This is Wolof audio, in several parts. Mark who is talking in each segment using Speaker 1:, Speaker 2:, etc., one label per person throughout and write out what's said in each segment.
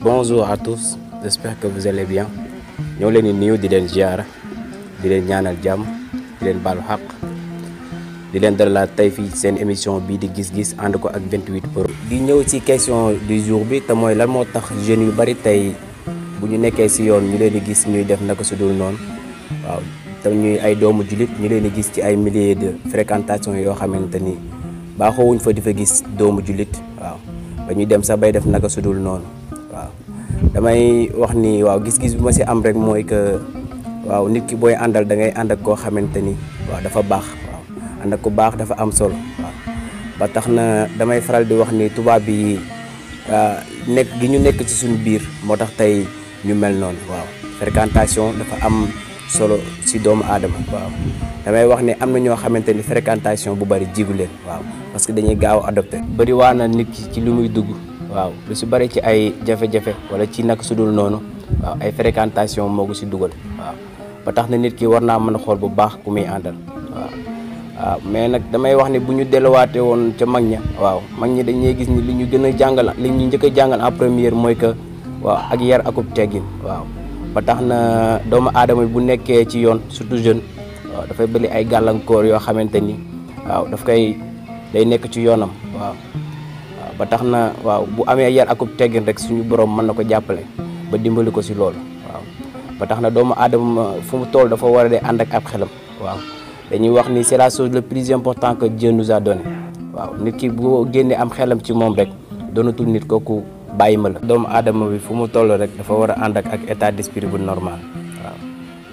Speaker 1: bonjour à tous j'espère que vous allez bien ñoo leen di di leen ziar di leen ñaanal jàmm di leen baalu xaq di leen dalalaat tey fii seen émission bii di gis-gis ànd ko ak 28 Pro. di ñëw si question du jour bi te mooy lan moo tax jeunes yu bari tey bu ñu nekkee si yoon ñu leen di gis ñuy def naka su dul noonu waaw te ñuy ay doomu jullit ñu leen di gis ci ay milliers de fréquentation yoo xamante ni baaxoowuñ fa di fa gis doomu jullit waaw ba ñuy dem sax bay def naka su noonu. waaw damay wax ni waaw gis-gis bi ma si am rek mooy que waaw nit ki booy àndal da ngay ànd ak koo xamante ni waaw dafa baax waaw ànd ak ku baax dafa am solo ba tax na damay faral di wax ni tubaab bi ah, nekk gi ñu nekk ci suñu biir moo tax tey ñu mel noonu waaw fréquentation dafa am solo si doomu aadama waaw damay wax ni am na ñoo xamante ni fréquentation bu bari jigu leen waaw parce que dañuy gaaw adopté bari waa na nit ki ci li muy dugg waaw lu si bari ci ay jafe-jafe wala ci naka su dul noonu waaw ay fréquentation moo ko si dugal waaw ba tax na nit ki war naa mën a xool bu baax ku muy àndal waaw mais nag damay wax ne bu ñu delluwaatee woon ca mag ña waaw mag ñi dañuy gis ni li ñu gën a jàngal li ñu njëkk a jàngal en première mooy que waaw ak yar akut teggin waaw ba tax na doomu aadama bu nekkee ci yoon surtout jeune waaw dafay bëri ay gàllankoor yoo xamante ni waaw daf koy day nekk ci yoonam waaw ba tax na waaw bu amee yar akub teggin rek suñu borom mën na ko jàppale ba dimbali ko si loolu waaw ba tax na doomu aadama fu mu tool dafa war a de ànd ak ab xelam waaw dañuy wax ni c'est la chose important que Dieu nous nit ki bu génnee am xelam ci moom rek doonatul nit kooku bàyyi ma la doomu aadama bi fu mu toll rek dafa war a ànd ak ak état d'esprit bu normal waaw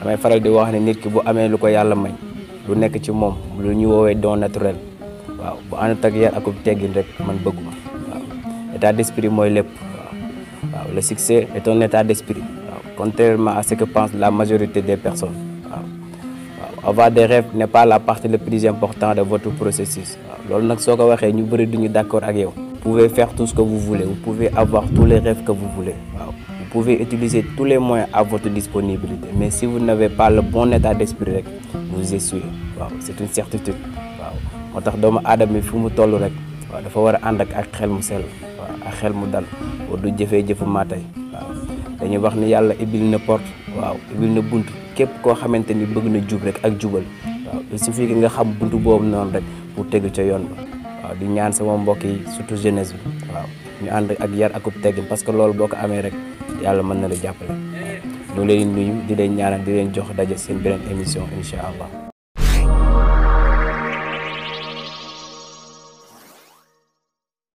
Speaker 1: damay faral di wax ne nit ki bu amee lu ko yàlla may lu nekk ci moom lu ñuy woowee don naturel waaw bu ànd ak yar akub teggin rek man bëgguma état d'esprit mooy lépp waaw waaw le succès est un état d'esprit waaw contrairement à ce que pense la majorité des personnes waaw waaw avoir des rêves n'est pas la partie le plus important de votre processus waaw loolu nag soo ko waxee ñu bëri ñu d'accord ak yow vous pouvez faire tout ce que vous voulez vous pouvez avoir tous les rêves que vous voulez waaw vous pouvez utiliser tous les moyens à votre disponibilité mais si vous n'avez pas le bon état d'esprit rek vous essuyez waaw c'est une moo tax doomu aadama bi fu mu toll rek waaw dafa war a ànd ak ak xel mu waaw ak xel mu dal war du jëfee jëfu maa tey waaw dañuy wax ni yàlla ibil na port waaw ibil na bunt képp koo xamante ni bëgg na jub rek ak jubal waaw il suffit nga xam bunt boobu noonu rek pour tegu ca yoon ba di ñaan sama mbokk yi surtout jeunesse bi waaw ñu ànd ak yar akub teggin parce que loolu boo ko amee rek yàlla mën na la jàppale ñu leen nuyu di leen ñaanal di leen jox daje seen beneen émission incha allah